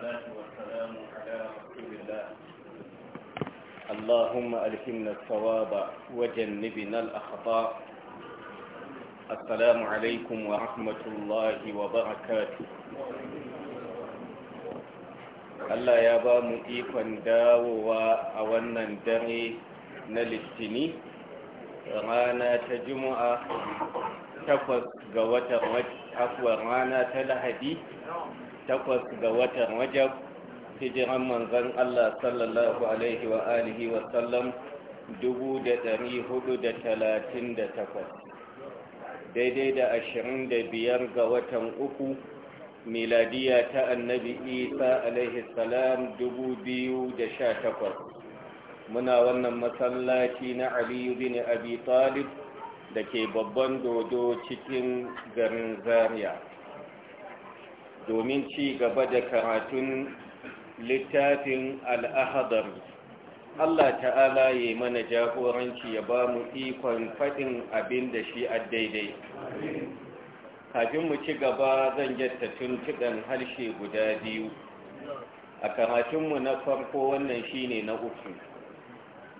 والصلاة والسلام على رسول الله اللهم ألهمنا الصواب وجنبنا الأخطاء السلام عليكم ورحمة الله وبركاته Allah ya ba mu ikon dawowa a wannan dare na littini rana ta juma'a takwas ga watan afuwa rana ta lahadi takwas ga watan wajab hijiran manzan Allah sallallahu alaihi wa alihi wa sallam dubu da dari hudu da talatin da takwas daidai da ashirin da biyar ga watan uku miladiya ta annabi isa alaihi salam dubu biyu da sha takwas muna wannan masallaci na aliyu bin abi talib da ke babban dodo cikin garin zaria domin ci gaba da karatun littafin al'ahadar Allah ta'ala ya mana jagoranci ya ba mu ikon faɗin abin da shi a daidai kafin mu ci gaba zan yatta tuntuɗan harshe guda biyu a karatunmu na farko wannan shine na uku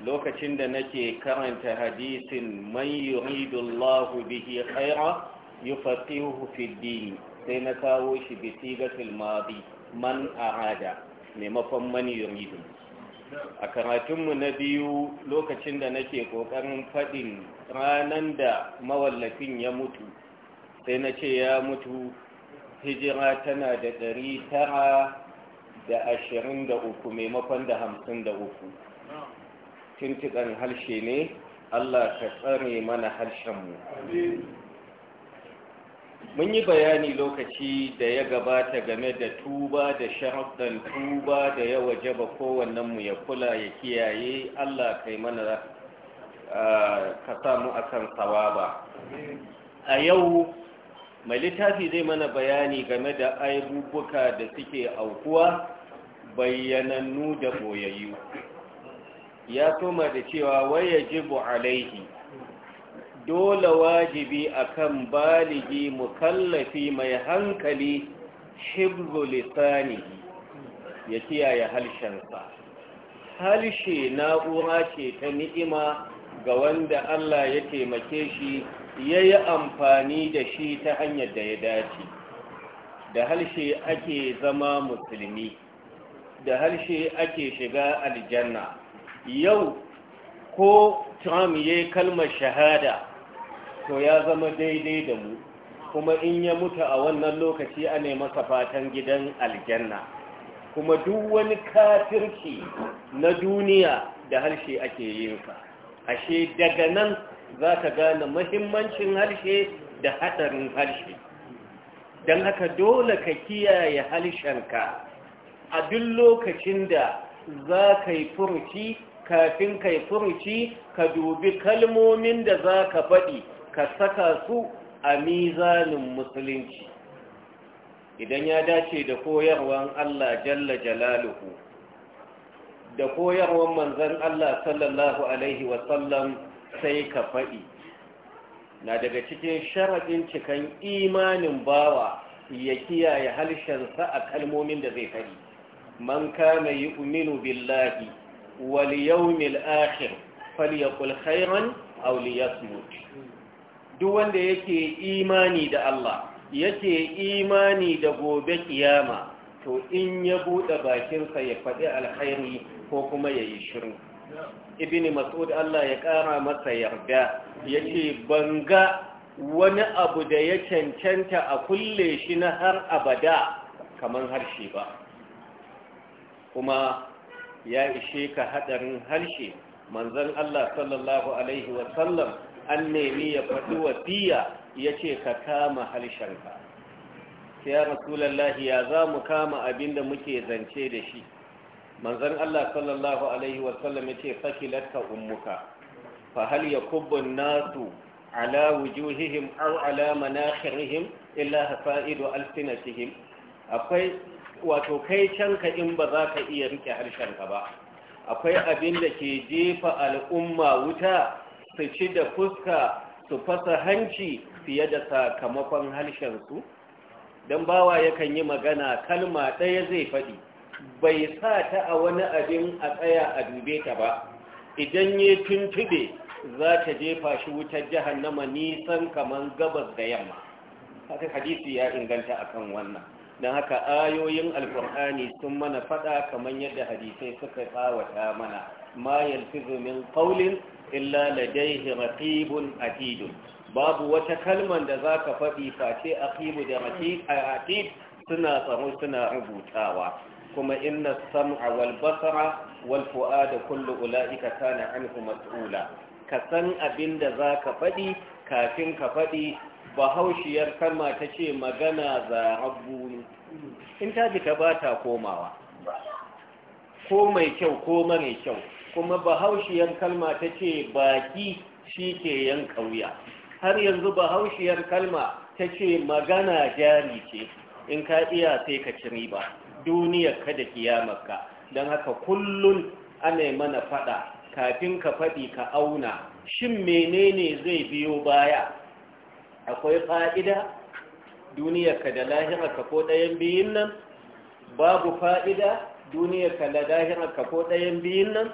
lokacin da nake karanta hadisin man yuridullahu bihi khaira yufaqihu fi dini sai na kawo shi bi sigatil madi man arada maimakon man yuridu a karatunmu na biyu lokacin da nake kokarin faɗin ranan da mawallafin ya mutu sai na ce ya mutu hijira tana da ɗari tara da ashirin da uku maimakon da hamsin da uku tuntuɓen harshe ne allah ka tsare mana harshenmu mun yi bayani lokaci da ya gabata game da tuba da sharaddan tuba da ya wajaba kowannen mu ya kula ya kiyaye Allah kai mana ka samu akan sawaba a yau mai littafi zai mana bayani game da aibubuka da suke aukuwa bayyanannu da boyayyu ya toma da cewa waya jibu alaihi dole wajibi akan baligi mukallafi mai hankali hibzu ya kiyaye halshensa halshe na'ura ce ta ni'ima ga wanda Allah ya taimake shi ya yi amfani da shi ta hanyar da ya dace da halshe ake zama musulmi da halshe ake shiga aljanna yau ko trump ya kalmar shahada to ya zama daidai da mu kuma in ya mutu a wannan lokaci a ne masa fatan gidan aljanna kuma duk wani kafirci na duniya da harshe ake yin sa ashe daga nan za ka gane mahimmancin harshe da haɗarin harshe don haka dole ka kiyaye harshenka a duk lokacin da za ka yi furuci kafin ka yi furuci ka dubi kalmomin da za ka faɗi ka saka su a mizanin musulunci idan ya dace da koyarwan Allah jalla jalaluhu da koyarwan manzan Allah sallallahu alaihi wasallam sai ka faɗi na daga cikin sharaɗin cikan imanin bawa ya kiyaye sa a kalmomin da zai faɗi man kana yu'minu billahi wal yawmil akhir falyaqul khairan aw liyasmut duk wanda yake imani da Allah yake imani da gobe kiyama to in ya buɗe bakinsa ya faɗi alkhairi ko kuma yayi shiru ibn mas'ud Allah ya ƙara masa yarda yace banga wani abu da ya cancanta a kulle shi na har abada kamar harshe ba kuma ya ishe ka haɗarin harshe manzan Allah sallallahu alaihi wa sallam an nemi ya faɗi ya yace ka kama halshenka sai ya rasulullahi ya za mu kama abinda muke zance da shi manzon Allah sallallahu alaihi wa sallam yace fakilarka ummuka fa hal ya kubbin nasu ala wujuhihim aw ala manakhirihim illa hafa'idu alsinatihim akwai wato kai canka in ba za ka iya rike harshenka ba akwai abin da ke jefa al'umma wuta su ci da fuska su fasa hanci fiye da sakamakon harshensu don bawa yakan yi magana kalma ɗaya zai faɗi bai sa ta a wani abin a tsaya a dube ta ba idan ya tuntube za ta jefa shi wutar jahannama nisan kamar gabas da yamma haka hadisi ya inganta akan wannan don haka ayoyin alkur'ani sun mana fada kamar yadda hadisai suka tsawata mana ma yalfizu min qawlin illa ladayhi raqibun atid babu wata kalman da zaka faɗi face aqibu da a atid suna tsaro suna rubutawa kuma inna sam'a wal basara wal fu'ada kullu ula'ika kana anhu mas'ula ka san abinda zaka faɗi kafin ka faɗi bahaushiyar kalma ta ce magana za zarabbu in ta jika ba ta komawa ko mai kyau ko mara kyau kuma bahaushiyar kalma ta ce baki shi ke yan kauya har yanzu bahaushiyar kalma ta ce magana jari ce in ka iya sai ka ci ba. duniyar ka da kiyamarka don haka kullum ana mana fada kafin ka faɗi ka auna shin menene zai biyo baya akwai fa'ida duniyarka da lahirarka ko ɗayan biyun nan babu fa'ida duniyarka da lahirarka ko ɗayan biyun nan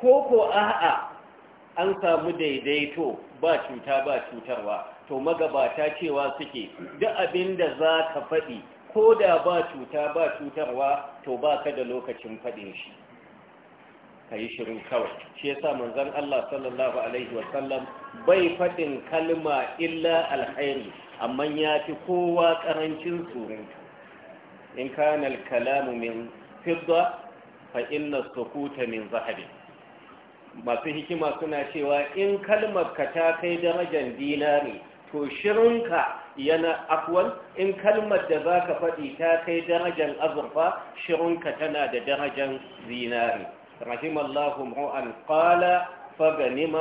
ko ko a'a an samu daidaito ba cuta ba cutarwa to magabata cewa suke duk abin da za ka faɗi ko da ba cuta ba cutarwa to ba ka da lokacin faɗin shi ka yi shirin kawai shi yasa manzon Allah sallallahu alaihi wa sallam bai faɗin kalma illa alkhairi amma ya fi kowa ƙarancin surun in kana kalamu min fidda fa inna sukuta min zahabi masu hikima suna cewa in kalmar ka ta kai darajar dinari to shirinka yana akwal in kalmar da za ka faɗi ta kai darajar azurfa shirinka tana da darajar zinari رحم الله امرؤا قال فغنم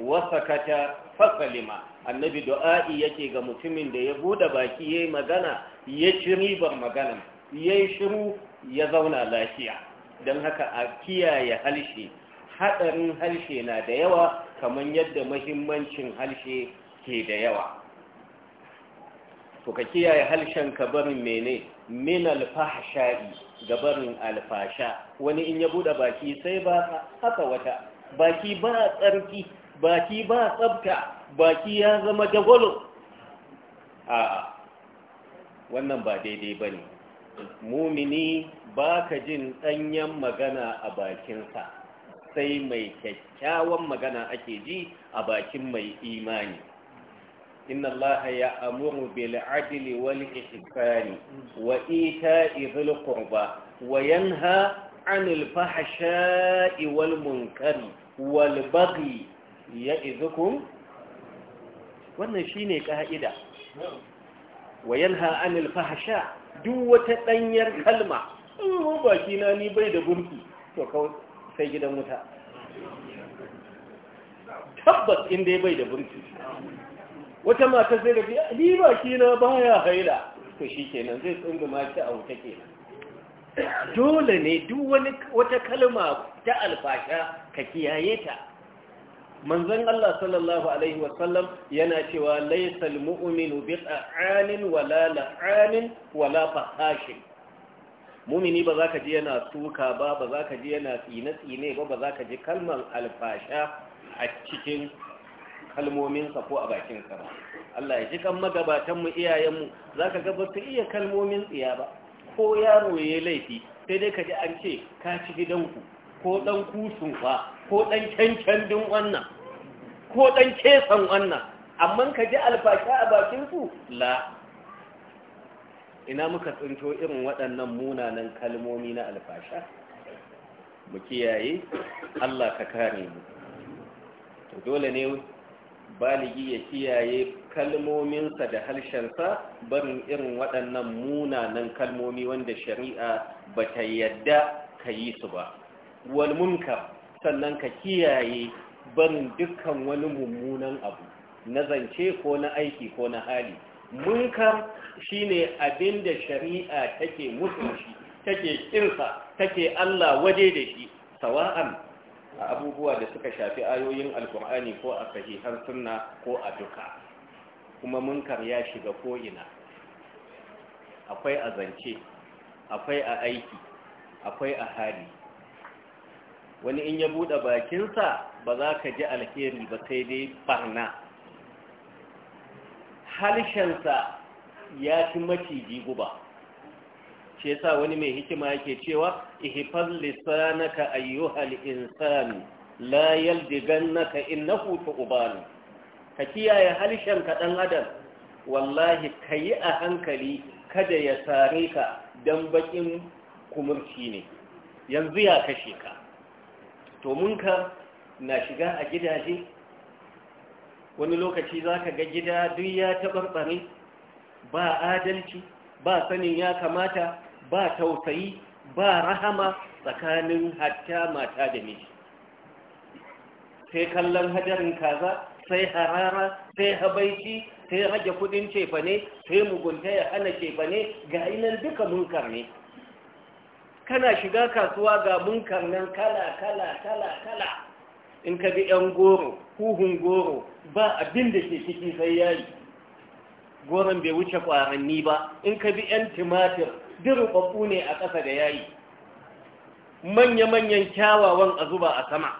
وسكت fasalima annabi du'a'i yake ga mutumin da ya bude baki yayi magana ya ci ribar magana yayi shiru ya zauna lafiya dan haka a kiyaye halshe hadarin halshe na da yawa kaman yadda mahimmancin halshe ke da yawa to ka kiyaye halshen ka barin mene min alfahsha'i gabarin alfasha wani in ya bude baki sai ba haka wata baki ba tsarki baki ba tsabta baki ya zama jagwalo a wannan ba daidai ba ne mumini ba ka jin ɗanyen magana a bakinsa sai mai kyakkyawan magana ake ji a bakin mai imani إن الله يأمر بالعدل والإحسان وإيتاء ذي القربى وينهى عن الفحشاء والمنكر والبغي يئذكم wannan shine ka'ida wa yanha anil fahsha duk wata ɗanyar kalma in mu ni bai da burki to sai gidan wuta tabbas dai bai da burki wata mata sai da biya ni baki na baya haila to shi kenan zai tsunga shi a wuta ke? dole ne duk wani wata kalma ta alfasha ka kiyaye ta manzon Allah sallallahu alaihi wasallam yana cewa laisal mu'minu bi'anin wala la'anin wala fahashin mumini ba za ka ji yana suka ba ba za ka ji yana tsine-tsine ba ba za ka ji kalman alfasha a cikin kalmominsa ko a bakinsa ba Allah ya ji kan magabatanmu iyayenmu za ka ga ba su iya kalmomin tsiya ba ko yaro ya laifi sai dai ka ji an ce ka ci gidanku ko ɗan kusun ba ko ɗan cancan din wannan ko ɗan kesan wannan amma ka ji alfasha a bakinsu la ina muka tsinto irin waɗannan munanan kalmomi na alfasha mu kiyaye Allah ka kare mu dole ne baligi ya kiyaye kalmominsa da harshensa barin irin waɗannan munanan kalmomi wanda shari'a ba ta yadda ka yi su ba walmunka sannan ka kiyaye barin dukkan wani mummunan abu na zance ko na aiki ko na hali munkar shine abin da shari'a take mutunci take kinsa take Allah waje da shi sawa'an a abubuwa da suka shafi ayoyin alkur'ani ko a sahihar sunna ko a duka kuma munkar ya shiga ko'ina akwai a zance akwai a aiki akwai a hali wani in ya buɗe bakinsa ba za ka ji alheri ba sai dai barna halishensa ya fi maciji guba ce sa wani mai hikima yake cewa ihifar lisanaka ayyuhal insani la yaldigannaka innahu tuqban ka kiyaye halishan ka dan adam wallahi kayi a hankali kada ya sare ka dan bakin kumurci ne yanzu ya kashe ka to munka na shiga a gidaje wani lokaci zaka ga gida duk ya tabarbare ba adalci ba sanin ya kamata ba tausayi ba rahama tsakanin hatta mata da miji sai kallon hajarin kaza sai harara sai habaici sai rage kudin cefane sai mugunta ya hana cefane ga inan duka munkar ne kana shiga kasuwa ga munkar nan kala kala kala kala in ka bi yan goro huhun goro ba abin da ke ciki sai yayi goron bai wuce kwaranni ba in ka bi yan timatir dirubabbu ne a ƙasa da yayi manya-manyan kyawawan a zuba a sama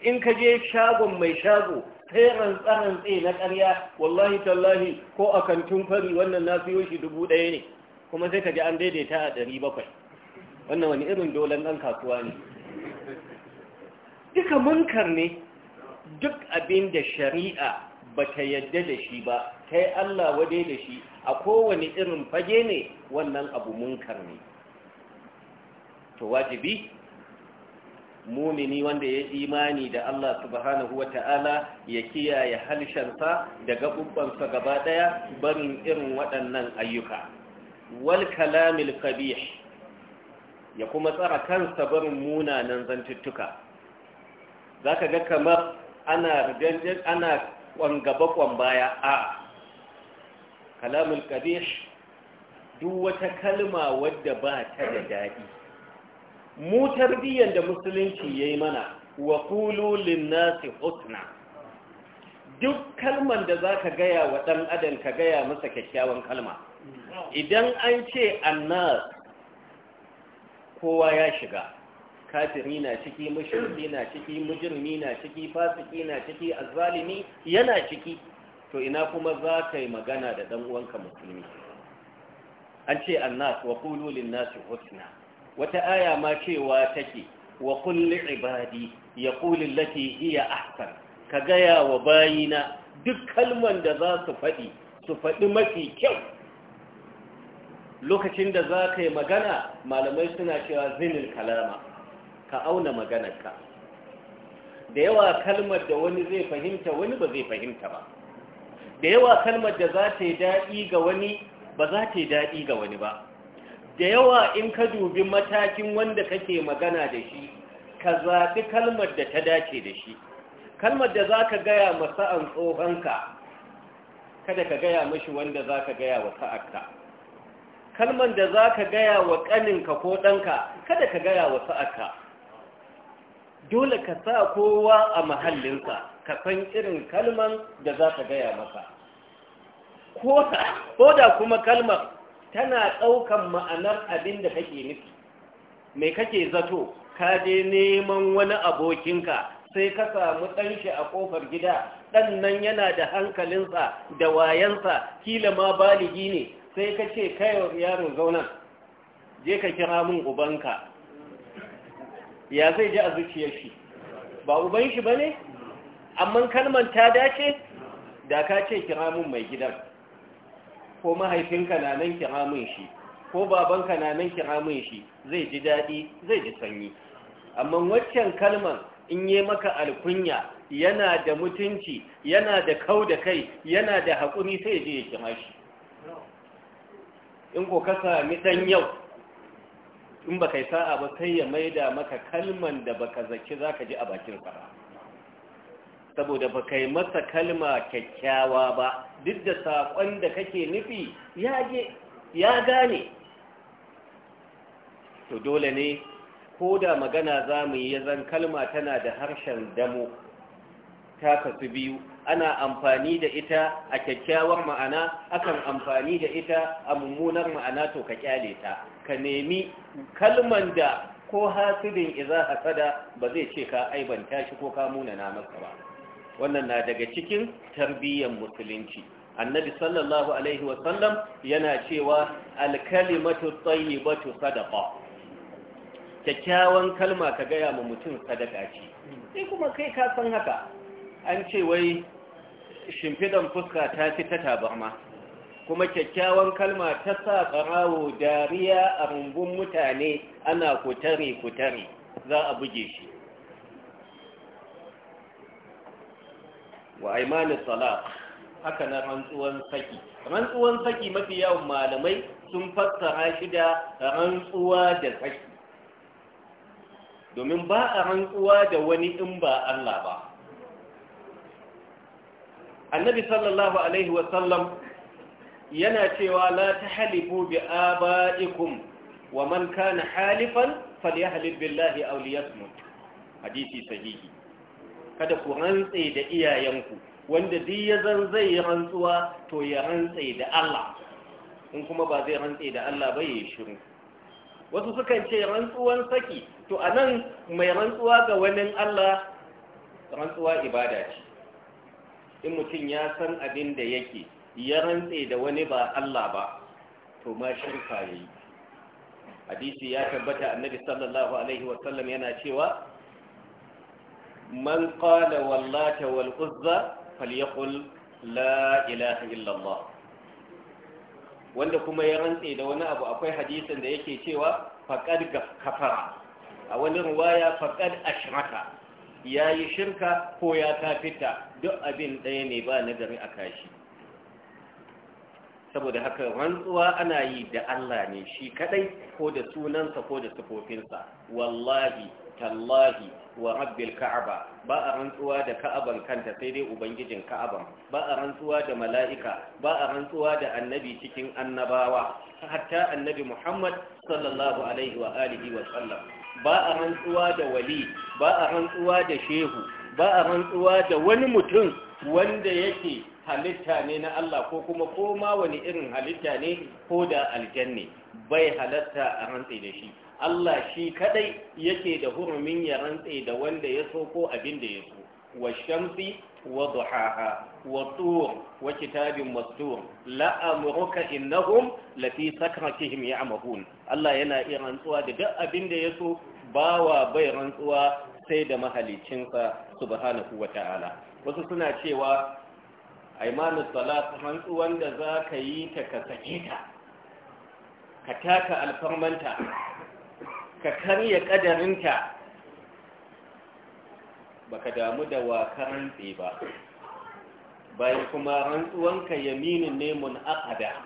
in ka je shagon mai shago yi tsarin tsaye na ƙarya wallahi tallahi ko a kantin fari wannan na fiye shi dubu ɗaya ne kuma sai ka ji an daidaita a ɗari bakwai wannan wani irin dolan ɗan kasuwa ne duka munkar ne duk abin da shari'a ba ta yadda da shi ba kai Allah wade da shi a kowane irin fage ne wannan abu munkar ne to wajibi mumini wanda ya imani da Allah subhanahu wata'ala ya kiyaye sa da sa gaba ɗaya barin irin waɗannan ayyuka wal kalamil qabih ya kuma tsara kansa barin munanan zantuttuka zaka ga kamar ana ana kwan gaba kwan baya a kalamul qabish duk wata kalma wadda ba ta da daɗi mu tarbiyyar da musulunci yayi mana wa qulu lin-nasi husna duk kalman da zaka gaya wa dan adam ka gaya masa kyakkyawan kalma idan an ce annas kowa ya shiga kafiri na ciki mushriki na ciki mujrimi na ciki fasiki na ciki azzalimi yana ciki to ina kuma za ka yi magana da ɗan'uwanka musulmi an ce annas wa qulu lin husna wata aya ma cewa take wa kulli li ibadi yaqulu allati hiya ahsan ka gaya wa bayina duk kalman da za su faɗi su faɗi mafi kyau lokacin da za ka yi magana malamai suna cewa zinin kalama ka auna maganarka da yawa kalmar da wani zai fahimta wani ba zai fahimta ba da yawa kalmar da za ta yi daɗi ga wani ba za ta yi daɗi ga wani ba da yawa in ka dubi matakin wanda kake magana da shi ka zaɓi kalmar da ta dace da shi kalmar da za ka gaya an tsohonka kada ka gaya mashi wanda za ka gaya wa sa'arka kalmar da za ka gaya wa ƙaninka ko ɗanka kada ka gaya wa sa'arka dole ka sa kowa a mahallinsa ka san irin kalman da za ka gaya maka ko da kuma kalmar tana ɗaukan ma'anar abin da kake nufi mai kake zato ka je neman wani abokinka sai ka samu ɗanshi a ƙofar gida Ɗannan yana da hankalinsa da wayansa kila ma baligi ne sai ka ce kayo yaron zaunan je ka kira min ubanka ya zai ji a zuciyar shi ba uban shi ba ne amma kalman ta dace da ka ce kiramun mai gidan ko mahaifinka na nan kiramun shi ko babanka na nan kiramun shi zai ji daɗi zai ji sanyi amma waccan kalman in yi maka alkunya yana da mutunci yana da kau da kai yana da haƙuri sai je ya kira shi in ko ka sami ɗan yau in ba kai sa'a ba sai ya maida maka kalman da baka zaki za ka ji a bakin fara. saboda ba kai masa kalma kyakkyawa ba duk da saƙon da kake nufi ya gane to dole ne ko da magana za mu yi zan kalma tana da harshen damo ta kasu biyu ana amfani da ita a kyakkyawar ma'ana akan amfani da ita a mummunar ma'ana to ka kyale ta ka nemi kalman da ko hasidin iza hasada ba zai ce ka aibanta shi ko ka munana masa ba wannan na daga cikin tarbiyyar musulunci annabi sallallahu alaihi wasallam yana cewa alkalimatu tayyibatu sadaqa kyakkyawan kalma ka gaya ma mutum sadaka ce sai kuma kai ka san haka an ce wai shimfidan fuska ta fi ta tabarma kuma kyakkyawan kalma ta sa barawo dariya a rumbun mutane ana kutare kutare za a buge shi wa aimanin salat haka na rantsuwan saki rantsuwan saki mafi yawan malamai sun fassara shi da rantsuwa da saki domin ba a rantsuwa da wani in ba Allah ba annabi sallallahu alaihi wasallam yana cewa la ta halifu bi aba'ikum wa man kana halifan falyahlib billahi aw liyasmut hadisi sahihi kada ku rantse da iyayenku wanda duk ya zan zai yi rantsuwa to ya rantse da Allah in kuma ba zai rantse da Allah ba ya shiru wasu sukan ce rantsuwan saki to a mai rantsuwa ga wani Allah rantsuwa ibada ce in mutum ya san abin da yake ya rantse da wani ba Allah ba to ma shirka yayi hadisi ya tabbata annabi sallallahu alaihi wasallam yana cewa man qala wallata wal uzza falyaqul la ilaha illallah wanda kuma ya rantse da wani abu akwai hadisin da yake cewa ga kafara a wani ruwaya faqad ashraka yayi shirka ko ya kafita duk abin ɗaya ne ba nagari a kashi saboda haka rantsuwa ana yi da Allah ne shi kadai ko da sunansa ko da sifofinsa wallahi tallahi wa rabbil ka'aba ba a rantsuwa da ka'aban kanta sai dai ubangijin ka'aban ba a rantsuwa da mala'ika ba a rantsuwa da annabi cikin annabawa hatta annabi Muhammad sallallahu alaihi wa alihi wa sallam ba a rantsuwa da wali ba a rantsuwa da shehu ba a rantsuwa da wani mutum wanda yake halitta ne na Allah ko kuma koma wani irin halitta ne ko da aljanne bai halatta a rantsi da shi Allah shi kadai yake da hurumin ya rantse da wanda ya so ko abin da ya so wa shamsi wa duhaha wa tur wa kitabin mastur la amruka innahum lafi sakratihim ya'mahun Allah yana iya rantsuwa da duk abin da ya so bawa bai rantsuwa sai da mahalicinsa subhanahu wa ta'ala wasu suna cewa aimanu salat rantsuwan da za ka yi ta ka sake ta ka taka alfarmanta ka karya ƙadarinta ka damu da waka rantse ba bayan kuma rantsuwanka yaminin ne mun aqada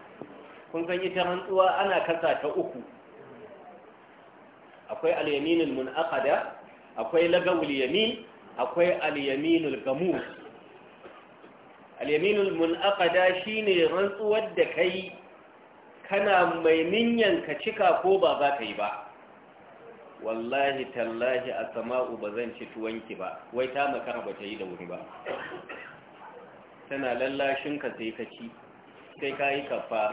kun san ita rantsuwa ana kasa ta uku akwai al-yaminul munaqada akwai lagawul yamin akwai al-yaminul gamus al-yaminul munaqada shine rantsuwar da kai kana mai ninyan ka cika ko ba za ka yi ba wallahi tallahi a sama'u ba zan ci tuwanki ba wai ta makara ba ta yi da wuri ba tana lallashinka sai ka ci sai ka yi kafa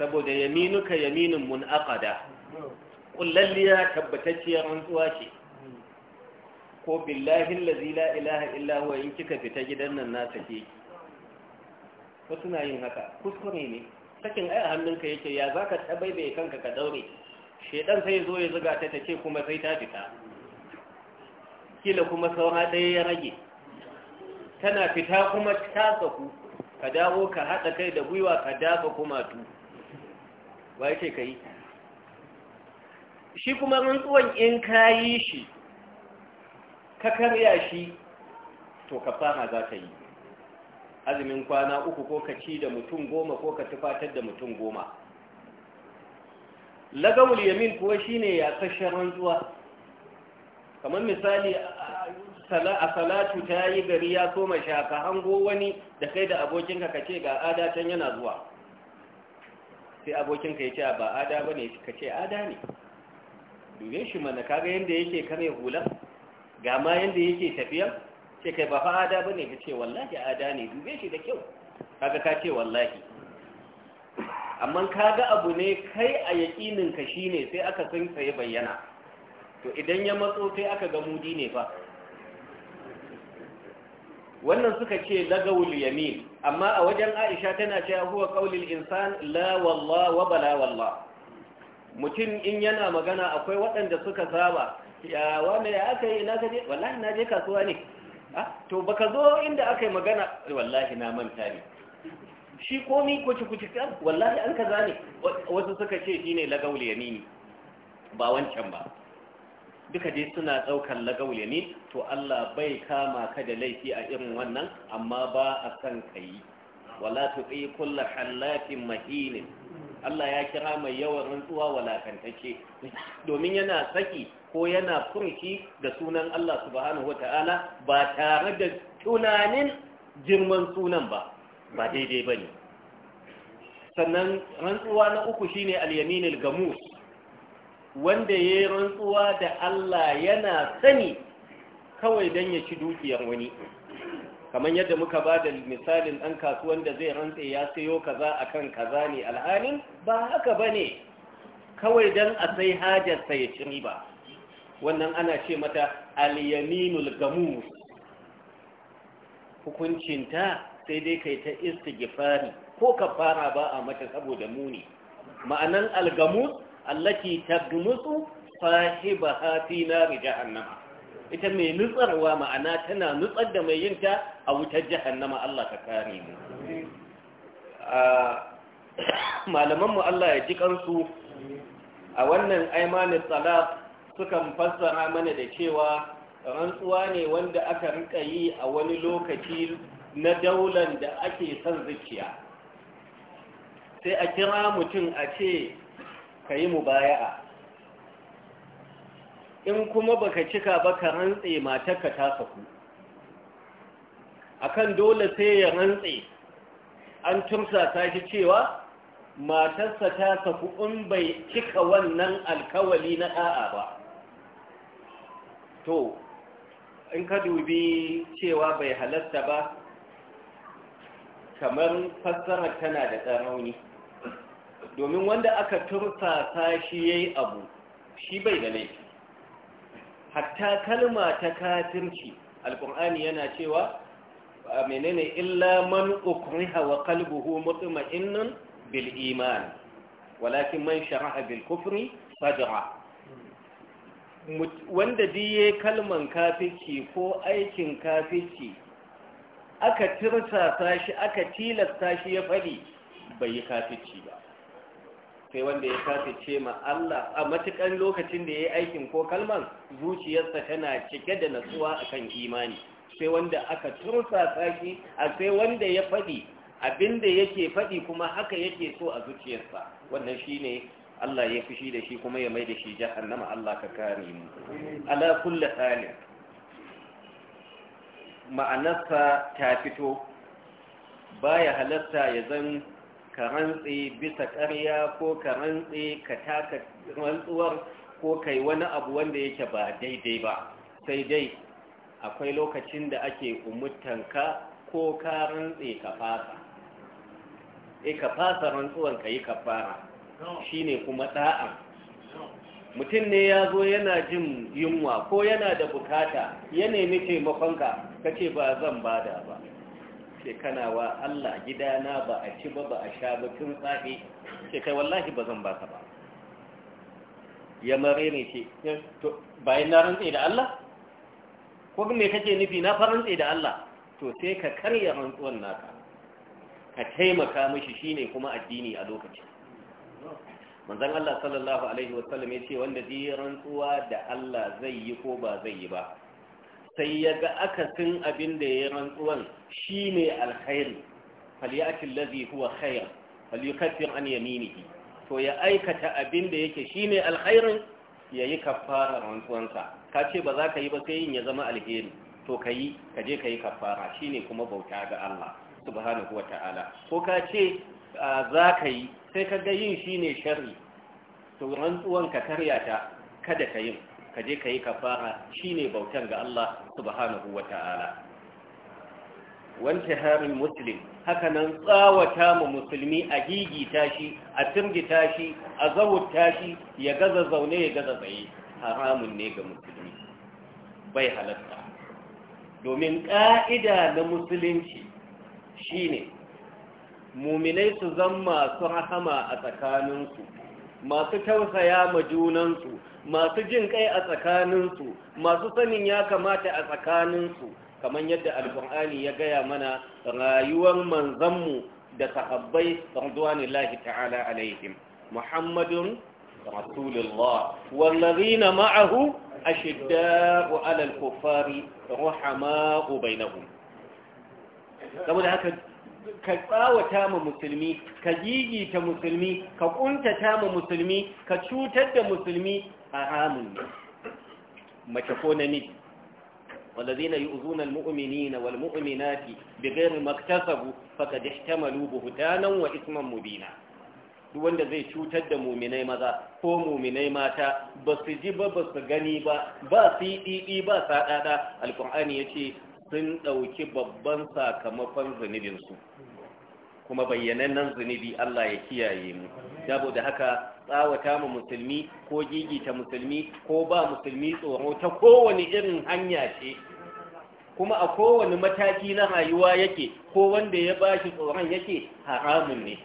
saboda yaminuka yaminin mun mun'aqada kullalliya tabbatacciyar rantsuwa ce ko billahi allazi la ilaha illa huwa in kika fita gidan nan na sake wasu na yin haka kuskure ne sakin ai a hannunka yake ya zaka tabaibaye kanka ka daure shedan sai zo ya zuga ta tace kuma sai ta fita kila kuma saura ɗaya ya rage tana fita kuma ta tsaku ka dawo ka haɗa kai da gwiwa ka dafa kuma tu ba ya ce ka yi shi kuma rantsuwan in ka yi shi ka karya shi to ka fara za ka yi azumin kwana uku ko ka ci da mutum goma ko ka tufatar da mutum goma lagawul yamin kuwa shine ya kashe rantsuwa kamar misali a salatu ta yi gari ya koma shaka hango wani da kai da abokinka ka ce ga adatan yana zuwa sai abokinka ya ce ba ada ba ne ka ce ada ne dube shi mana kaga yadda yake kame hula ga ma yadda yake tafiya ce kai ba fa ada ba ne ka ce wallahi ada ne dube shi da kyau kaga ka ce wallahi amma ka ga abu ne kai a yaƙininka shi ne sai aka san ya bayyana to idan ya matso sai aka ga mudi ne fa wannan suka ce lagawul yamin amma a wajen aisha tana cewa huwa qaulul insan la wallah wa bala wallah mutum in yana magana akwai waɗanda suka saba ya wanda ya aka yi na kaje wallahi na je kasuwa ne ah, to baka zo inda aka yi magana wallahi na manta ne shi komi kuci kuci kan wallahi an kaza ne wasu suka ce shine lagawul yamini ba wancan ba duka dai suna ɗaukar lagawul yamini to Allah bai kama ka da laifi a irin wannan amma ba a san kai wala tuqi kullu halatin mahin Allah ya kira mai yawan rantsuwa wala kantace. domin yana saki ko yana furki da sunan Allah subhanahu wata'ala ba tare da tunanin girman sunan ba ba daidai ba ne sannan rantsuwa na uku shine al-yaminul gamus wanda ya yi rantsuwa da Allah yana sani kawai don ya ci dukiyar wani kamar yadda muka ba da misalin ɗan kasuwan da zai rantse ya sayo kaza akan kaza ne alhalin ba haka ba ne kawai don a sai hajarsa ya ci ba, wannan ana ce mata alyaminul gamus hukuncinta sai dai kai ta istighfari ko kafara ba a mata saboda muni ma'anan algamus allati tadmusu sahibaha fi nar jahannama ita mai nutsarwa ma'ana tana nutsar da mai yinta a wutar jahannama Allah ka kare mu malamanmu Allah ya ji kansu a wannan aimanin salat sukan fassara mana da cewa rantsuwa ne wanda aka rika yi a wani lokaci na daular da ake son zikiya sai a kira mutum a ce ka yi mubaya'a in kuma baka cika ba ka rantse matarka ta saku akan dole sai ya rantse an tumsa ta shi cewa matarsa ta saku in bai cika wannan alkawali na ɗa'a ba to in ka dubi cewa bai halatta ba kamar fassara tana da tsarauni domin wanda aka turfasa shi ya yi abu shi bai da laifi hatta kalma ta kafirci alƙur'ani yana cewa menene illa man ukriha wa qalbuhu mutma'innun bil iman walakin man shara'a bil kufri wanda diye kalman kafirci ko aikin kafirci aka tirsasa shi aka tilasta shi ya faɗi bai yi kafici ba sai wanda ya kafice ma Allah a matukan lokacin da ya yi aikin ko kalman zuciyarsa tana cike da natsuwa akan imani sai wanda aka tursasa shi a sai wanda ya faɗi abinda yake faɗi kuma haka yake so a zuciyarsa wannan shine Allah ya fushi da shi kuma ya mai da shi jahannama Allah ka kare mu ala kulli halin ma'anarsa ta fito baya halatta ya zan ka rantse bisa ƙarya ko ka rantse ka taka rantsuwar ko kai wani abu wanda yake ba daidai ba sai dai akwai lokacin da ake umurtanka ko ka rantse ka fasa e ka fasa rantsuwan ka yi Shi ne kuma ɗa'a mutum ne ya zo yana jin yunwa ko yana da bukata ya nemi taimakonka ka ce ba zan bada ba ce kana wa Allah gidana ba a ci ba ba a sha ba tun tsafi ce kai wallahi ba zan ba ka ba ya mare ne ce bayan na rantse da Allah ko me kake nufi na farantse da Allah to sai ka karya rantsuwan naka ka taimaka mishi shine kuma addini a lokacin manzon Allah sallallahu alaihi wasallam ya ce wanda zai rantsuwa da Allah zai yi ko ba zai yi ba sai ya ga akasin abin da ya rantsuwan shi ne alkhairi falyati allazi huwa khair falyukaffir an yaminihi to ya aikata abin da yake shi ne alkhairin ya yi kafara rantsuwansa ka ce ba za ka yi ba sai yin ya zama alheri to ka yi ka je ka yi kafara shi ne kuma bauta ga Allah subhanahu wa ta'ala ko ka ce za ka yi sai ka ga yin shi ne sharri to rantsuwan ka karya kada ka yin ka je ka yi kafara shine bautar ga Allah subhanahu wa ta'ala harin muslim haka nan tsawata ma musulmi a gigi tashi, a turgi tashi, a zawuta tashi, ya gaza zaune ya gaza tsaye haramun ne ga musulmi bai halatta domin ƙa'ida na musulunci shine muminai su zama masu rahama a tsakaninsu masu tausaya ma junansu masu jin kai a tsakaninsu masu sanin ya kamata a tsakaninsu kamar yadda alkur'ani ya gaya mana rayuwar manzanmu da sahabbai lahi ta'ala alaihim muhammadun rasulullah wallazina ma'ahu ashidda'u 'alal kuffari rahama'u bainahum saboda haka ka tsawata ma musulmi ka gigita musulmi ka kuntata ma musulmi ka cutar da musulmi a ne mace ko namiji والذين يؤذون المؤمنين والمؤمنات بغير ما اكتسبوا فقد احتملوا بهتانا واثما مبينا duk wanda zai cutar da muminai maza ko muminai mata ba su ji ba ba su gani ba ba su yi ɗiɗi ba saɗaɗa alƙur'ani ya ce sun ɗauki babban sakamakon zunubinsu kuma nan zunubi Allah ya kiyaye mu saboda haka tsawata mu musulmi ko gigita musulmi ko ba musulmi tsoro ta kowane irin hanya ce kuma a kowane mataki na rayuwa yake ko wanda ya bashi tsoron yake haramun ne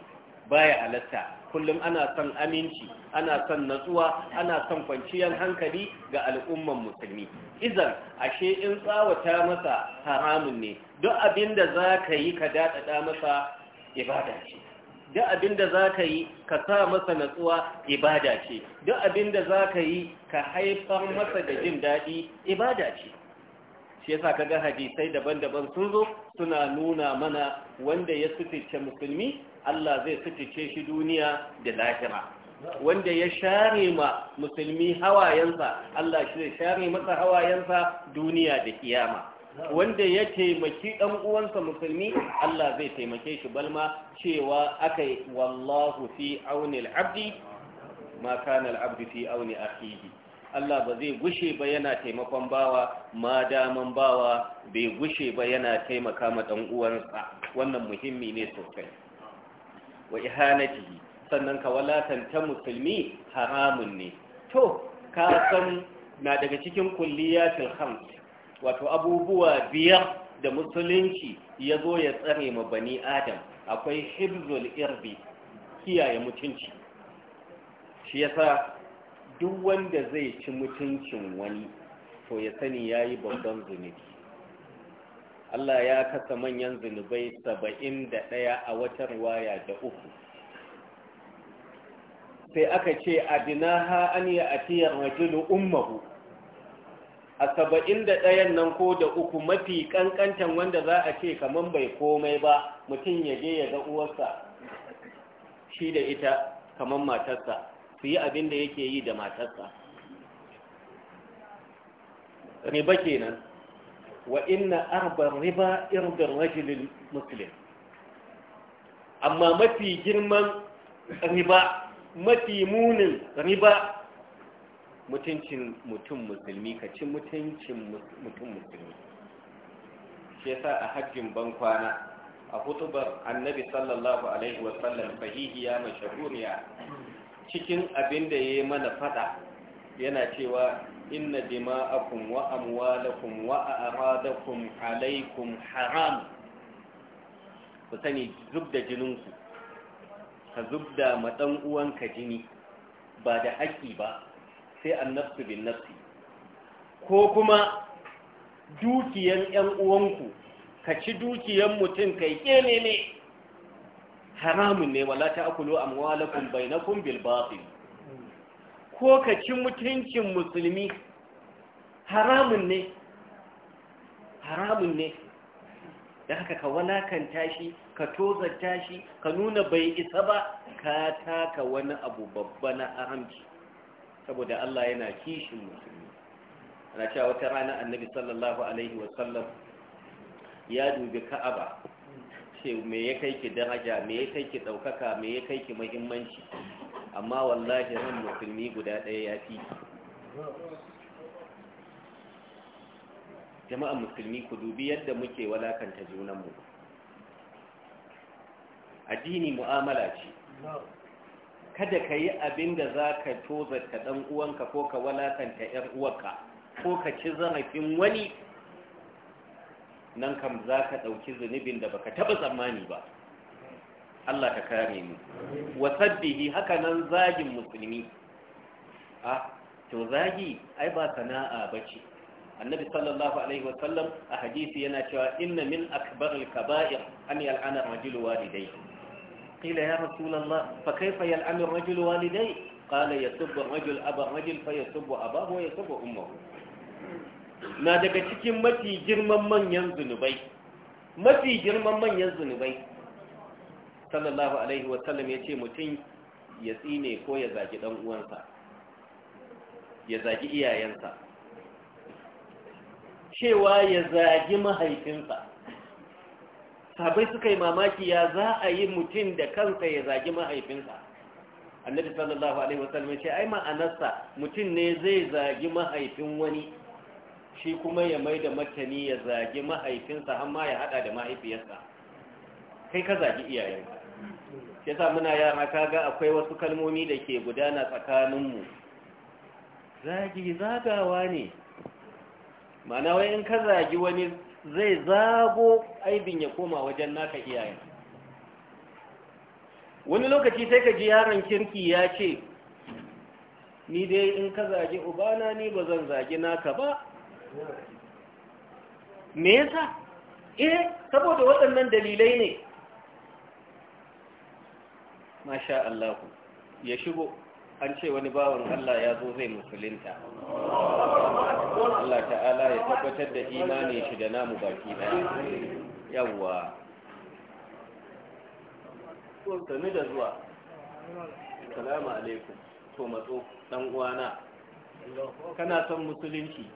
baya halatta kullum ana son aminci ana son natsuwa ana son kwanciyar hankali ga al'umman musulmi izan ashe in tsawata masa haramun ne duk abinda za ka yi ka daɗaɗa masa ibada ce duk abinda za ka yi ka sa masa natsuwa ibada ce duk abinda za ka yi ka haifar masa da jin daɗi ibada ce shi yasa kaga hadisai daban-daban sun zo suna nuna mana wanda ya sutuce musulmi Allah zai fitice shi duniya da lahira wanda ya share ma musulmi hawayensa Allah shi zai share masa hawayensa duniya da kiyama wanda ya taimaki ɗan uwansa musulmi Allah zai taimake shi balma cewa akai wallahu fi auni al-abdi ma kana al fi auni akhihi Allah ba zai gushe ba yana taimakon bawa ma daman bawa bai gushe ba yana taimaka ma ɗan uwansa wannan muhimmi ne sosai wa ihanatihi sannan ka walatanta musulmi haramun ne to ka san na daga cikin kulliyatul khams wato abubuwa biyar da musulunci ya zo ya tsare ma bani adam akwai hibzul irbi kiyaye mutunci shi yasa duk wanda zai ci mutuncin wani to ya sani yayi babban zunubi Allah ya kasa manyan zunubai saba'in da ɗaya a wata riwaya da uku sai aka ce ha an yi a atiyar rajulu ummahu a saba'in da ɗayan nan ko da uku mafi ƙanƙantan wanda za a ce kamar bai komai ba mutum ya je ya ga uwarsa shi da ita kamar matarsa su yi abin da yake yi da matarsa riba kenan wa inna arba riba irbin rajulin muslim amma mafi girman riba mafi munin riba mutuncin mutum musulmi ka ci mutuncin mutum musulmi shi yasa a hajjin ban kwana a hutubar annabi sallallahu alaihi wa wasallam fahihiya mashahuriya cikin abin da ya yi mana fada yana cewa inna dima'akum wa amwalakum wa a'radakum alaikum haram ku sani zub da jininku ka zub da matsan uwanka jini ba da haƙƙi ba sai annabtu bin nafsi ko kuma dukiyan 'yan uwanku ka ci dukiyan mutum kai kene ne haramun ne wala ta'kulu amwalakum bainakum bil batil ko ka ci mutuncin musulmi haramun ne haramun ne da haka ka walakanta shi ka tozarta tashi, ka nuna bai isa ba ka taka wani abu babba na haramci saboda Allah yana kishin musulmi ana cewa wata rana annabi sallallahu alaihi wasallam ya dubi ka'aba ce me ya kai ki daraja me ya kai ki daukaka me ya kai ki muhimmanci amma wallahi ran musulmi guda ɗaya ya fi Jama'a musulmi ku dubi yadda muke walakanta junanmu addini mu'amala ce kada ka yi abin da za ka tozarta ɗan uwanka ko ka walakanta ‘yar uwarka ko ka ci zarafin wani nan kam za ka ɗauki zunubin da ba ka taɓa tsammani ba Allah ka kare ni. wa sabbihi haka nan zagin musulmi a to zagi ai ba sana'a bace annabi sallallahu alaihi wa sallam a hadisi yana cewa inna min akbaril kaba'ir an yal'ana rajulu walidayhi qila ya rasulullah fa kayfa yal'anu rajulu walidayhi qala yasubbu rajul aba rajul fa yasubbu abahu wa yasubbu ummuhu na daga cikin mafi girman manyan zunubai mafi girman manyan zunubai sallallahu alaihi wasallam ya ce mutum ya tsine ko ya zagi ɗan uwansa ya zagi iyayensa cewa ya zagi mahaifinsa sabai suka yi mamaki ya za a yi mutum da kansa ya zagi mahaifinsa annabi sallallahu alaihi wasallam ya ce ai ma'anarsa mutum ne zai zagi mahaifin wani shi kuma ya mai da matani ya zagi mahaifinsa har ma ya hada da mahaifiyarsa kai ka zagi iyayenka yasa muna yara kaga akwai wasu kalmomi da ke gudana tsakaninmu zagi zagawa ne mana wai in ka zagi wani zai zago aibin ya koma wajen naka iyaye. wani lokaci sai ka ji yaron kirki ya ce ni dai in ka zagi ubana ni ba zan zagi naka ba me yasa eh saboda waɗannan dalilai ne masha Allah ya shigo an ce wani bawan Allah ya zo zai musulunta Allah ta'ala ya tabbatar da imani shi da namu baki daya yawwa sanu da zuwa salamu alaikum to matso dan uwana kana son musulunci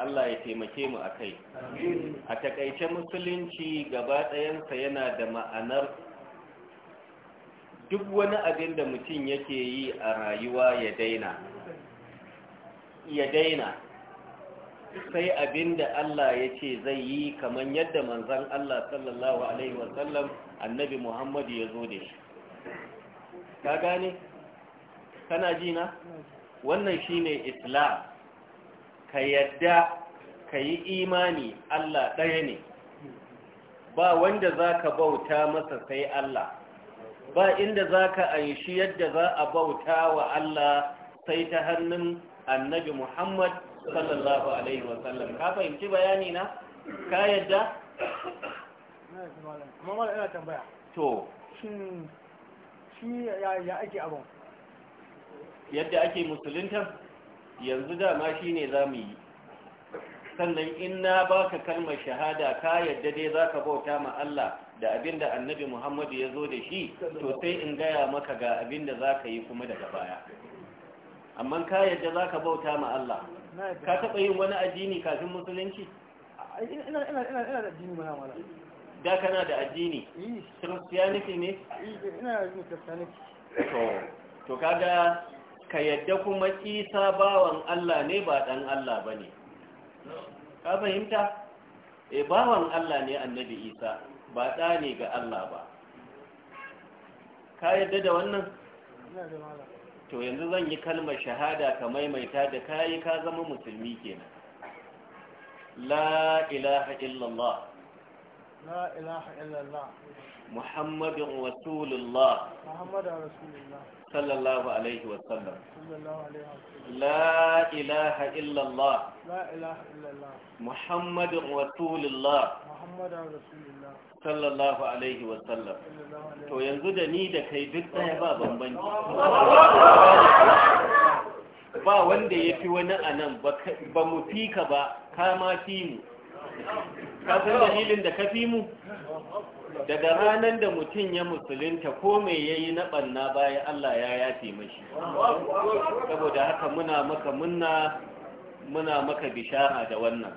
Allah ya taimake mu akai. a takaice musulunci gaba sa yana da ma'anar duk wani abin da mutum yake yi a rayuwa ya daina ya daina sai abin da Allah ya ce zai yi kamar yadda manzan Allah sallallahu Alaihi wasallam annabi Muhammadu ya zo da shi ka gane? kana jina? wannan shine islam ka yadda ka yi imani Allah ɗaya ne ba wanda za ka bauta masa sai Allah ba inda za ka anshi yadda za a bauta wa Allah sai ta hannun annabi Muhammad sallallahu Alaihi wasallam ka fahimci bayani na ka yadda? mamala ina tambaya to shi ya ake abin yadda ake musulunta yanzu dama shi ne za mu yi sannan in na ka kalmar shahada ka yadda dai za ka bauta ma Allah da abinda annabi muhammadu ya zo da shi to sai in gaya maka ga abinda za ka yi kuma daga baya amma ka yadda za ka bauta ma Allah ka taɓa yin wani addini kafin musulunci da kana da addini christianity ne to kaga ka yadda kuma isa bawan Allah ne ba dan Allah ba ne ka fahimta e bawan Allah ne annabi isa ba ɗa ne ga Allah ba ka yadda da wannan to yanzu zan yi kalmar shahada ka maimaita da kayi ka zama musulmi kenan la ilaha illallah la ilaha illallah muhammadin rasulullah muhammadin rasulullah sallallahu alaihi wasallam la ilaha illallah la ilaha illallah muhammadin rasulullah sallallahu alaihi wa sallam to yanzu da ni da kai duk ɗaya ba bambanci ba wanda ya fi wani a nan ba mu fi ka ba ka ma fi mu ka san dalilin da ka fi mu daga ranar da mutum ya musulunta ko mai yayi na ɓanna bayan Allah ya yafe mashi saboda haka muna maka munna, muna maka bishara da wannan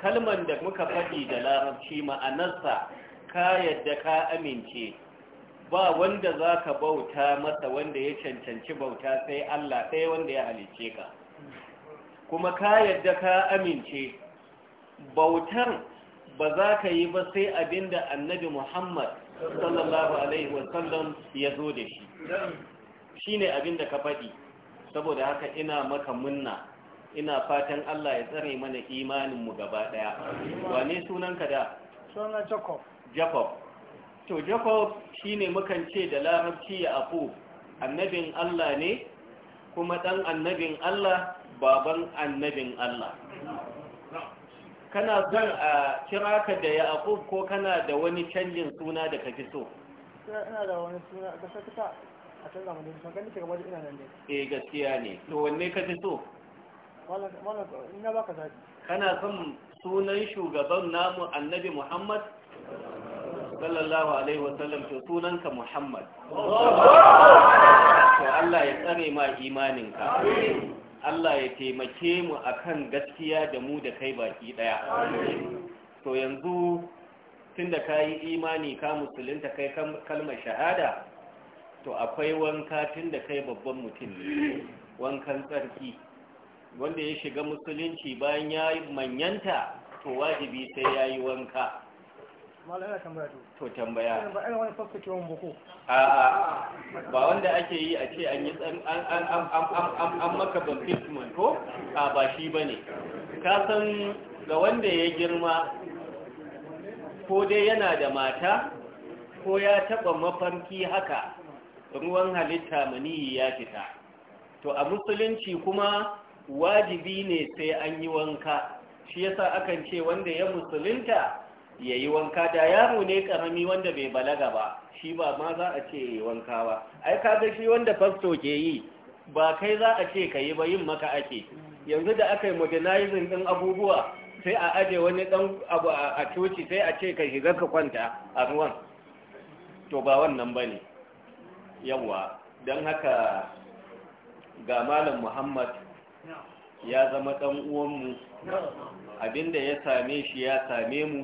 kalman da muka faɗi da larabci ma'anarsa ka yadda ka amince ba wanda za ka bauta masa wanda ya cancanci bauta sai Allah ɗaya wanda ya halice ka kuma ka yadda ka amince bautar ba za ka yi ba sai abinda annabi Muhammad sallallahu alaihi wasallam ya zo da shi shi shine abinda ka faɗi saboda haka ina maka munna ina fatan Allah ya tsare mana imaninmu gaba ɗaya wane sunanka da sunan jacob jacob to jacob shine mukan ce da larabci ya afu annabin Allah ne kuma ɗan annabin Allah baban annabin Allah kana son a kira ka da ya afu ko kana da wani canjin suna da ka fi so ina da wani suna da sakata a canza zamanin, sun gani ke ina nan ne eh gaskiya ne to wanne ka fi so kana son sunan shugaban namu annabi muhammad sallallahu alaihi wasallam to sunanka muhammad to allah ya tsare ma imaninka allah ya taimake mu akan gaskiya da mu da kai baki daya to yanzu tunda kayi imani ka musulunta kai kalmar shahada to akwai wanka tunda kai babban mutum wankan tsarki wanda ya shiga musulunci bayan ya yi manyanta to wajibi sai ya yi wanka to tambaya a'a ba wanda ake yi a ce an yi an maka baptisman ko a ba shi ba ne kasan ga wanda ya girma ko dai yana da mata ko ya taba mafarki haka ruwan halitta maniyi ya fita to a musulunci kuma wajibi ne sai an yi wanka shi yasa akan ce wanda ya musulunta ya yi wanka da yaro ne karami wanda bai balaga ba shi ba ma za a ce yi wanka ba ai kaga shi wanda fasto ke yi ba kai za a ce ka yi ba yin maka ake yanzu da aka yi modernizing din abubuwa sai a aje wani dan abu a coci sai a ce ka shiga ka kwanta a ruwan to ba wannan ba ne yawwa don haka ga malam muhammad ya zama ɗan uwanmu abinda ya same shi ya same mu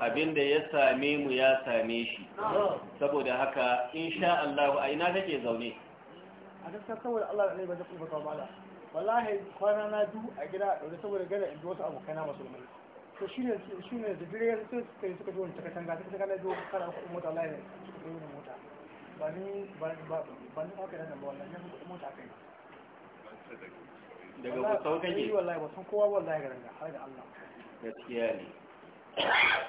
abinda ya same mu ya same shi saboda haka insha Allah a ina kake zaune a gaskiya saboda Allah ne ba zai kuma kawo mala wallahi kwana na du a gida daure saboda gada in ji wasu abokaina musulmai to shine shine da dire sai suka suka ji wani takatanga suka ga na zo kana kuɗin mota wallahi ne suka yi mota ba ni ba ba ba ni haka da nan ba wallahi ne kuɗin mota kai daga busau kake wallahi wasu kowa wallahi ga ranga har ga Allah gaskiya ne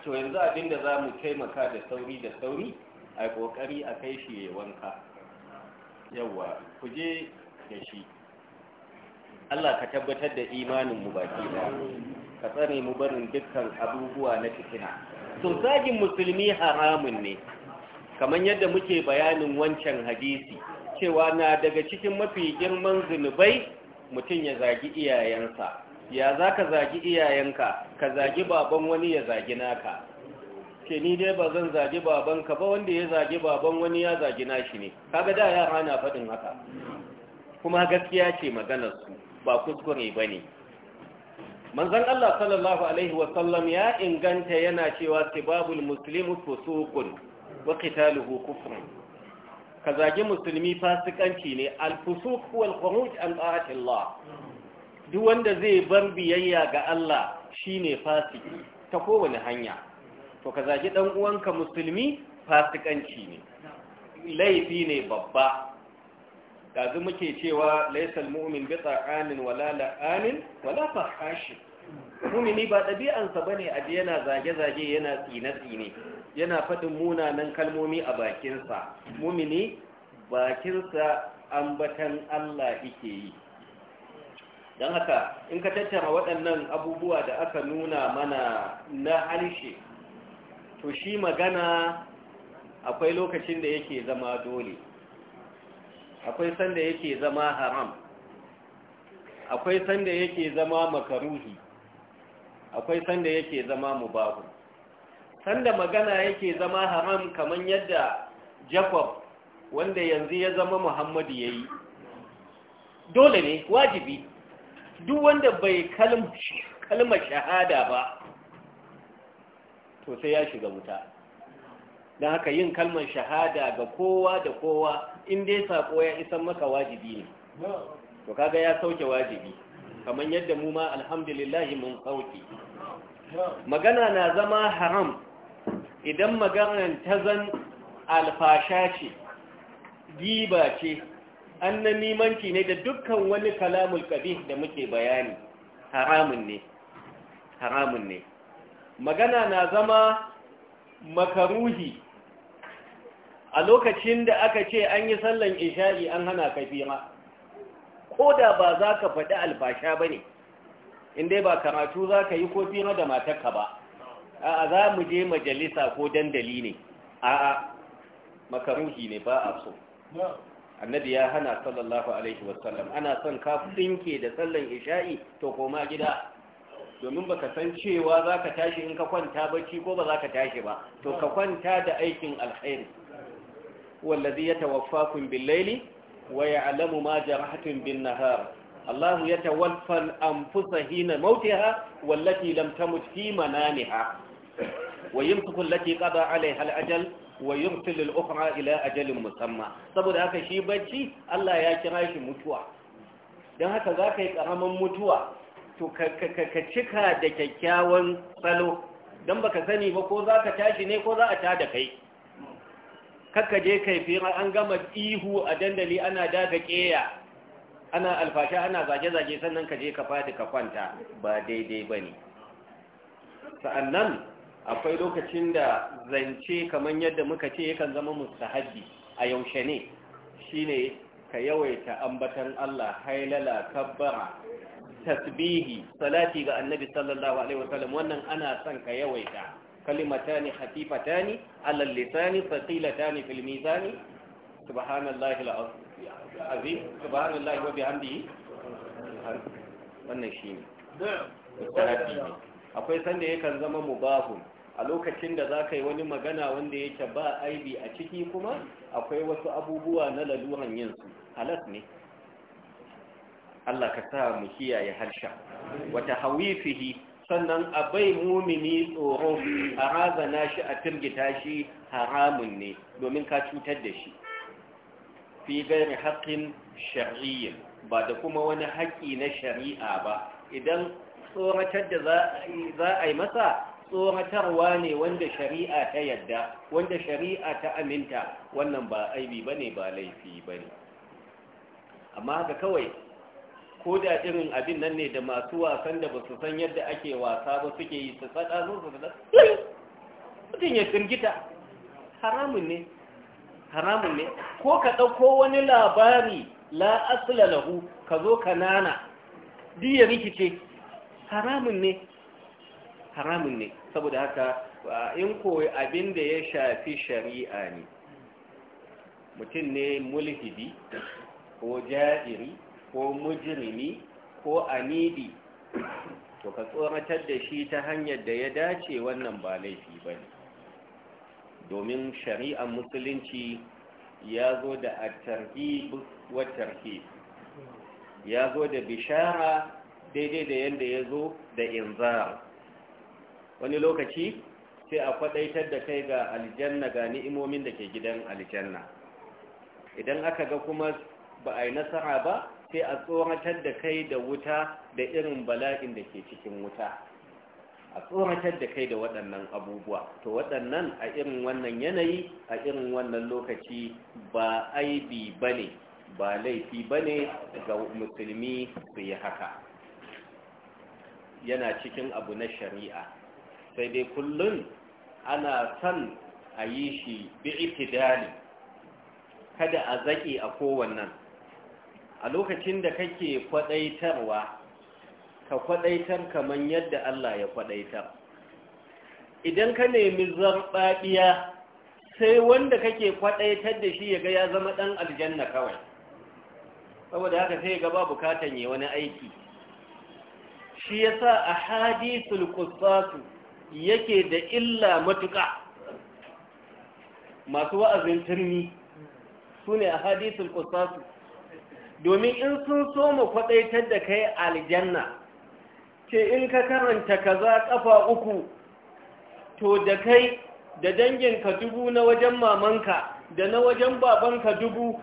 to yanzu abinda za mu taimaka da sauri da sauri a kokari a kai shi ya wanka yawa ku je da shi Allah ka tabbatar da imanin mu baki da ka tsare mu barin dukkan abubuwa na fitina to zagin musulmi haramun ne kamar yadda muke bayanin wancan hadisi cewa na daga cikin mafi girman zunubai mutum ya zagi iyayensa ya za ka zagi iyayenka ka zagi baban wani ya zagi naka ke ni dai ba zan zagi babanka ba wanda ya zagi baban wani ya zagi shi ne kaga da yara na faɗin haka kuma gaskiya ce maganarsu ba kuskure ba ne manzan Allah sallallahu Alaihi wasallam ya inganta yana cewa sibabul muslimu fusuqun wa qitaluhu kufrun ka musulmi fasikanci ne alfusuk wal khuruj an ta'atillah duk wanda zai bar biyayya ga Allah shine fasiki ta kowane hanya to ka dan uwanka musulmi fasikanci ne laifi ne babba dazu muke cewa laysal mu'min bi tsakanin wala la'anin wala fahashi mu'mini ba sa bane aje yana zage-zage yana tsine-tsine yana faɗin munanan kalmomi a bakinsa mumini bakinsa ambatan Allah yake yi don haka in ka tattara waɗannan abubuwa da aka nuna mana na harshe to shi magana akwai lokacin da yake zama dole akwai sanda yake zama haram akwai sanda yake zama makaruhi akwai sanda yake zama mubahu sanda magana yake zama haram kaman yadda jacob wanda yanzu ya zama muhammadu ya yi dole ne wajibi duk wanda bai kalmar shahada ba to sai ya shiga wuta don haka yin kalmar shahada ga kowa da kowa in dai sako ya isan maka wajibi ne to kaga ya sauke wajibi kamar yadda mu ma alhamdulillahi mun sauke magana na zama haram idan maganar ta zan alfasha ce giba ce an na nimanci ne da dukkan wani kalamul kabi da muke bayani haramun ne haramun ne magana na zama makaruhi a lokacin da aka ce an yi sallan isha'i an hana kafira ko da ba za ka faɗi alfasha ba ne inda ba karatu za ka yi kofi na da matarka ba a za mu je majalisa ko dandali ne a makaruhi ne ba a so annabi ya hana sallallahu alaihi wasallam ana son ka tsinke da sallan isha'i to koma gida domin baka san cewa za ka tashi in ka kwanta bacci ko ba za ka tashi ba to ka kwanta da aikin alkhairi wallazi yatawaffakum bil-laili wa ya'lamu ma jarahtum bin-nahar Allahu yatawaffa al-anfusa mautiha wallati lam tamut fi manamiha alai hal ajal. عليها الأجل ويرسل الأخرى ila ajalin musamma. saboda haka shi bacci Allah ya kira shi mutuwa don haka za ka yi ƙaramin mutuwa to ka cika da kyakkyawan salo don baka sani ba ko za ka tashi ne ko za a ta da kai kakka je kai fira an gama ihu a dandali ana daga keya ana alfasha ana zage-zage sannan ka je ka fadi ka kwanta ba daidai ba ne nan. akwai lokacin da zance kamar yadda muka ce yakan zama mustahabi a yaushe ne shine ka yawaita ambatan Allah hailala kabbara tasbihi salati ga annabi sallallahu alaihi wasallam wannan ana son ka yawaita kalimatani khatifatani alal lisani thaqilatani fil mizani subhanallahi alazim subhanallahi wa bihamdihi wannan shine mustahabi akwai sanda yakan zama mubahun a lokacin da za ka yi wani magana wanda yake ba aibi a ciki kuma akwai wasu abubuwa na laluhan yinsu halas ne Allah ka sa mu kiyaye harsha wata hawifihi sannan a bai mumini tsoro a razana shi a firgita shi haramun ne domin ka cutar da shi fi gairi haƙƙin shari'in ba da kuma wani haƙƙi na shari'a ba idan tsoratar da za a yi masa tsoratarwa ne wanda shari'a ta yadda wanda shari'a ta aminta wannan ba aibi ba ne ba laifi ba ne amma haka kawai ko da irin abin nan ne da masu wasan da ba su san yadda ake wasa ba suke yi su faɗa zuwa su faɗa mutum ya firgita haramun ne haramun ne ko ka ɗauko wani labari la asila lahu ka zo ka nana diya rikice haramun ne haramun ne saboda haka uh, in koyi abin da ya shafi shari'a ne mutum ne mulhidi ko ja'iri ko mujirimi ko anidi to ka tsoratar da shi ta hanyar da ya dace wannan ba laifi ba ne domin shari'ar musulunci ya zo da a tarhib wa ya zo da bishara daidai da yadda ya zo da inzara. wani lokaci sai a kwadaitar da kai ga aljanna ga ni'imomin da ke gidan aljanna idan aka ga kuma ba a yi nasara ba sai a tsoratar da kai da wuta da irin bala'in da ke cikin wuta a tsoratar da kai da waɗannan abubuwa to waɗannan a irin wannan yanayi a irin wannan lokaci ba aibi ba ne ba laifi ba ne ga musulmi su yi haka yana cikin abu na shari'a sai dai kullum ana son a yi shi bi itidali kada a zaƙi a kowannan a lokacin da kake kwaɗaitarwa ka kwaɗaitar kamar yadda Allah ya kwaɗaitar idan ka nemi zarɓaɓiya sai wanda kake kwaɗaitar da shi ya ga ya zama ɗan aljanna kawai saboda haka sai ga ba bukatan yi wani aiki shi yasa a hadisul kusasu yake da illa matuƙa masu wa'azin turmi su ne a hadisul kusasu domin in sun so mu kwaɗaitar da kai aljanna ce in ka karanta kaza ƙafa uku to da kai da danginka dubu na wajen mamanka da na wajen babanka dubu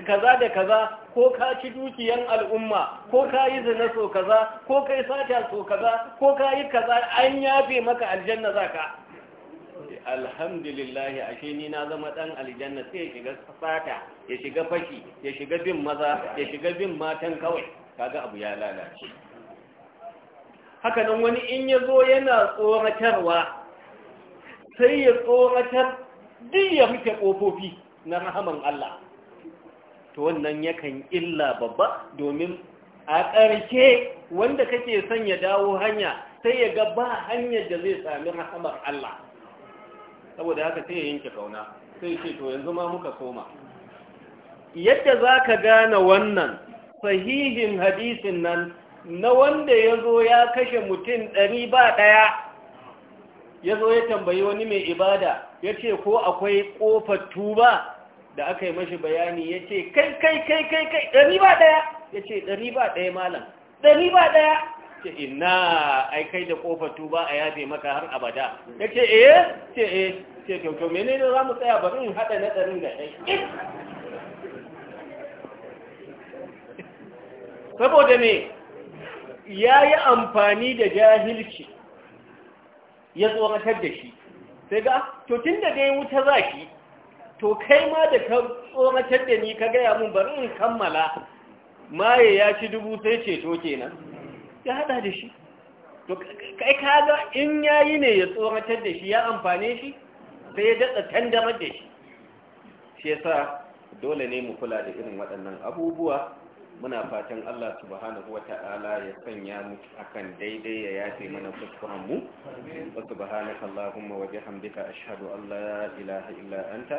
kaza da kaza ko ka ci dukiyan al'umma ko ka yi zina so kaza ko kai sata so kaza ko ka yi kaza an yafe maka aljanna za ka alhamdulillahi ashe ni na zama dan aljanna sai ya shiga sata ya shiga fashi ya shiga bin maza ya shiga bin matan kawai kaga abu ya lalace haka nan wani in ya zo yana tsoratarwa sai ya tsoratar duk ya rufe ƙofofi na rahaman Allah to wannan yakan illa babba domin a ƙarshe wanda kake son ya dawo hanya sai ya ga ba hanyar da zai sami rahamar Allah saboda haka sai ya yanke kauna sai ce to yanzu ma muka soma yadda za ka gane wannan sahihin hadisin nan na wanda ya zo ya kashe mutum ɗari ba ɗaya ya zo ya tambayi wani mai ibada ya ce ko akwai ƙofar tuba da aka yi mashi bayani ya ce kai kai kai kai kai ɗari ba ɗaya ya ce ɗari ba ɗaya malam ɗari ba ɗaya ce ina ai kai da ƙofar tuba a yafe maka har abada ya ce eh ce eh ce kyaukyau mene ne za mu tsaya bari in haɗa na ɗarin da ɗai saboda me ya yi amfani da jahilci ya tsoratar da shi sai ga to tun da dai wuta za shi to kai ma da ka tsoratar da ni ka gaya mun bari in kammala maye ya ci dubu sai ceto kenan ya hada da shi to kai kaga in yayi ne ya tsoratar da shi ya amfane shi sai ya datsa tandamar da shi shi yasa dole ne mu kula da irin waɗannan abubuwa muna fatan Allah subhanahu Ta'ala ya sanya mu akan daidai ya yafe mana kuskuren mu wa subhanaka allahumma wa bihamdika ashhadu an la ilaha illa anta